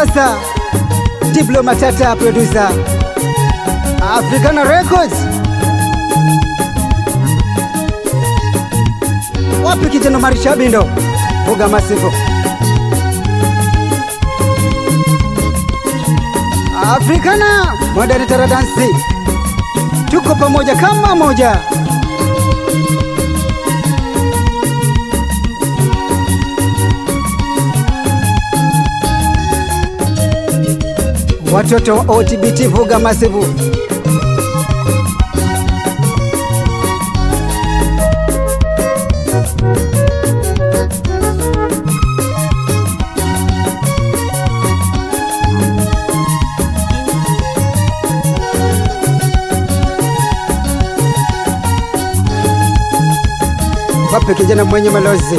sasa Diblo Matata producer Africana Records. Wapi kijana marishabindo uga Africana modern taradansi, tuko pamoja kama moja. watoto wa OTBT vuga masivu. Wapi kijana mwenye malozi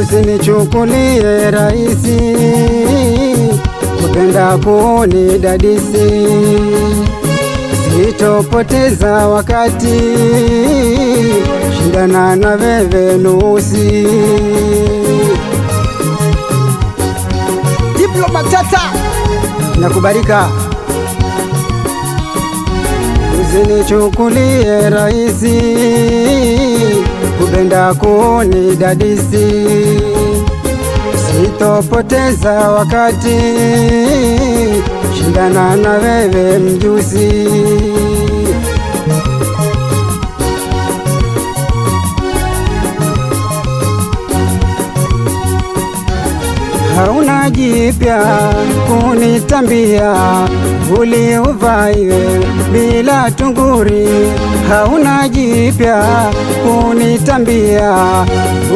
usinichukulie rahisi, kupenda kuuni dadisi, sitopoteza wakati, shindana na wewe nusi. Diploma tata kubarika usinichukulie rahisi hupenda kunidadisi, sitopoteza wakati, shindana na wewe mjusi. jipya kunitambia, uliuvaye bila tunguri. Hauna jipya kunitambia,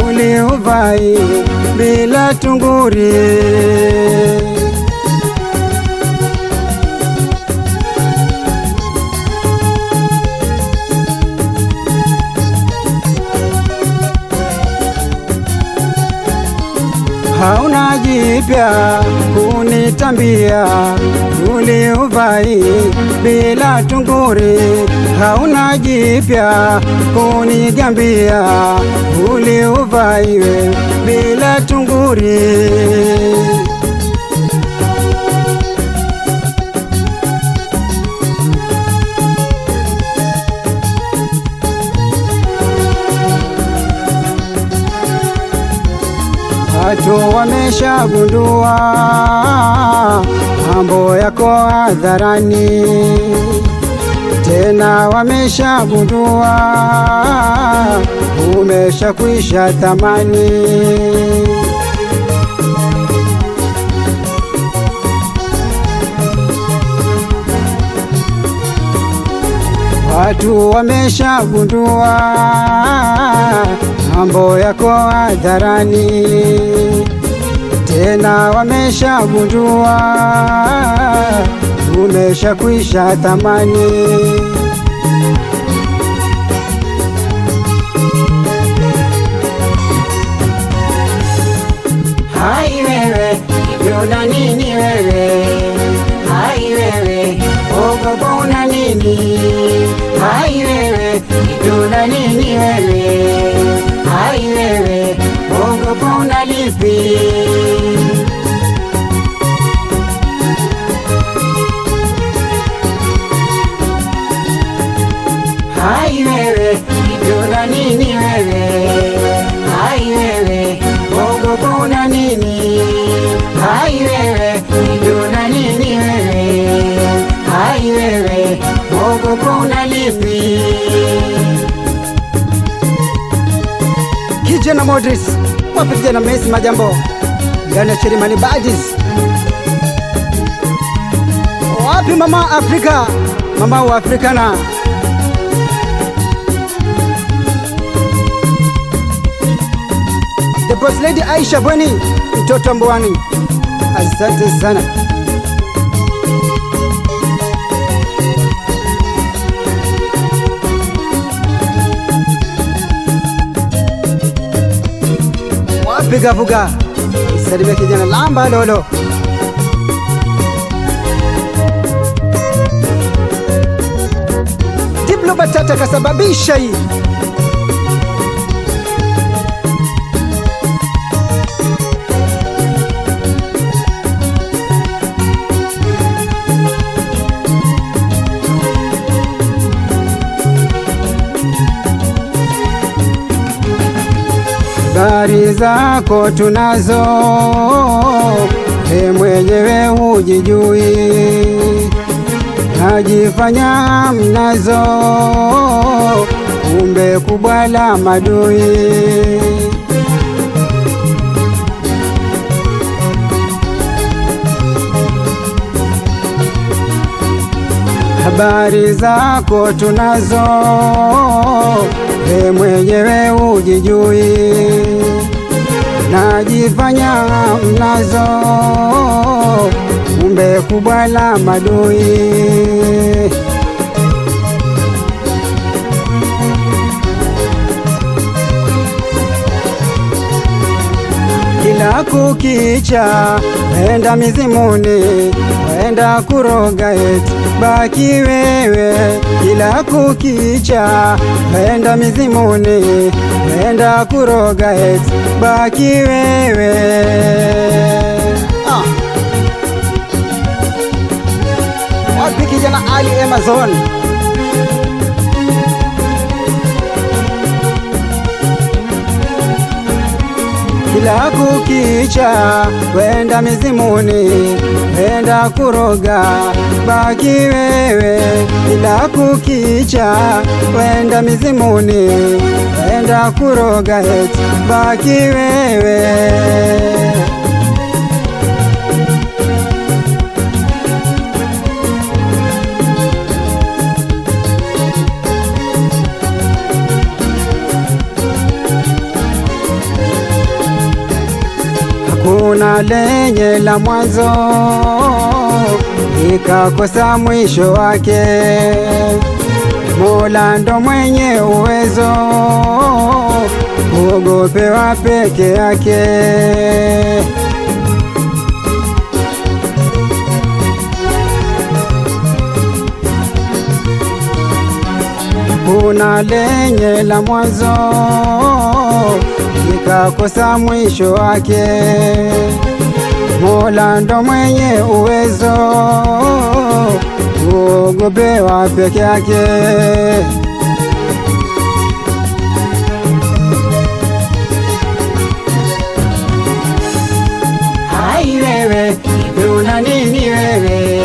uliuvaye bila tunguri. Hauna jipya kunitambia, uliuvai bila tunguri, hauna jipya kunigambia, uliuvai bila tunguri watu wameshagundua mambo yako hadharani, tena wameshagundua umeshakwisha thamani. Watu wameshagundua mambo yako hadharani, tena wameshagundua umeshakwisha thamani. Hai wewe, una nini wewe? Hai wewe, ogopa una nini? Hai wewe, una nini wewe? Hai wewe idola nini wewe? Hai wewe ogopa una nini? Hai wewe idola nini wewe? Hai wewe ogopa una lipi? Kijana Modris Wapitia na mesi majambo ndani ya Chirimani Badis. Wapi mama Afrika, mama wa Afrikana The Boss Lady Aisha Bweni mtoto Mbwani, asante sana. vuga vuga, salimia kijana lamba lolo. Diplo kasababisha hii Habari zako tunazo, e mwenyewe hujijui, najifanya mnazo, kumbe kubwa la madui. Habari zako tunazo we ee mwenyewe ujijui, najifanya mnazo, kumbe kubwa la madui. Kila kukicha enda mizimuni naenda kuroga eti, baki wewe kila kukicha, naenda mizimuni, naenda kuroga eti, baki wewe ah. Kijana Ali Amazon kila kukicha, wenda mizimuni, wenda kuroga, baki wewe kila kukicha, wenda mizimuni, wenda kuroga, eti baki wewe kuna lenye la mwanzo ikakosa mwisho wake. Mola ndo mwenye uwezo, uogopewa peke yake. Kuna lenye la mwanzo ukakosa mwisho wake. Mola ndo mwenye uwezo kuogopewa peke yake. Hai wewe, una nini wewe?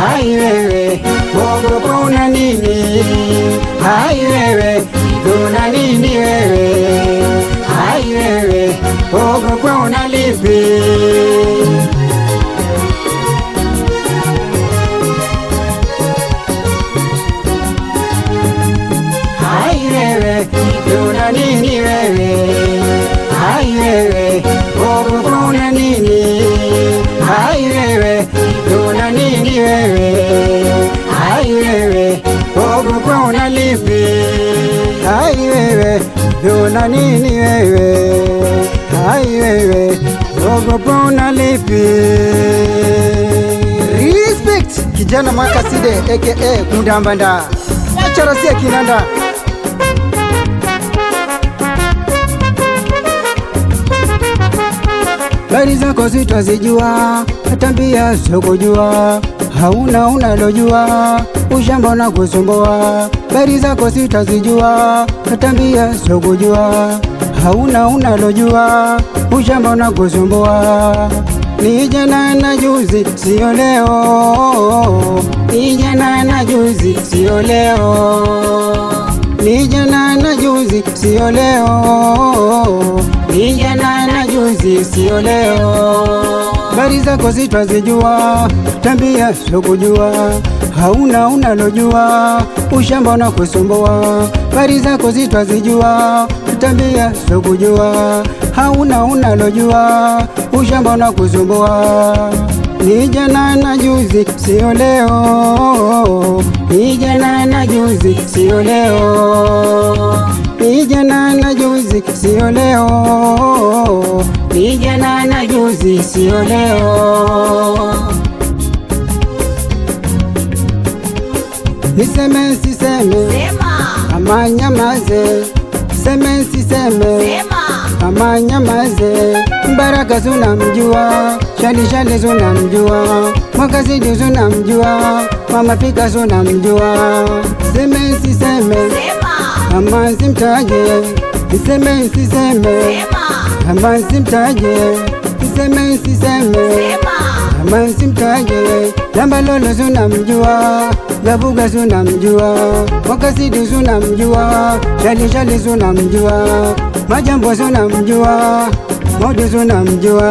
Hai wewe, mogopo una nini? Hai wewe, una nini wewe? nini? Hai wewe, una nini wewe? Hai wewe, ogopa una lipi? Hai wewe, una nini wewe? Hai wewe, ogopa una lipi? Respect kijana Makaside aka Kundambanda, acharasia kinanda bari zako zitwazijua, hata mbia zokujua, hauna unalojua, ushamba na kusumbua. Bali zako sitwazijua, hata mbia zokujua, hauna unalojua, ushamba na kusumbua. Ni na juzi, sio leo. Ni na na juzi, sio leo ni jana na juzi, sio leo, ni jana na juzi, sio leo. Bari zako zitwazijua, tambia sokujua, hauna unalojua, ushamba unakusumbua. Bari zako zitwazijua, tambia sokujua, hauna unalojua, ushamba kusumbua ni jana na juzi, sio leo, ni jana na juzi, sio leo, ni jana na juzi, sio leo, ni jana na juzi, sio leo. Niseme siseme, sema ama nyamaze, seme siseme, sema ama nyamaze Baraka zuna mjua, shali shali zuna mjua, mwakazidi zuna mjua, mama pika zuna mjua. Seme siseme, ama simtaje, seme siseme, ama simtaje, seme siseme, ama simtaje. Lamba lolo zuna mjua, Labuga zuna mjua, mwakazidi zuna mjua, shali shali zuna mjua, majambo zuna mjua Moduzu namjua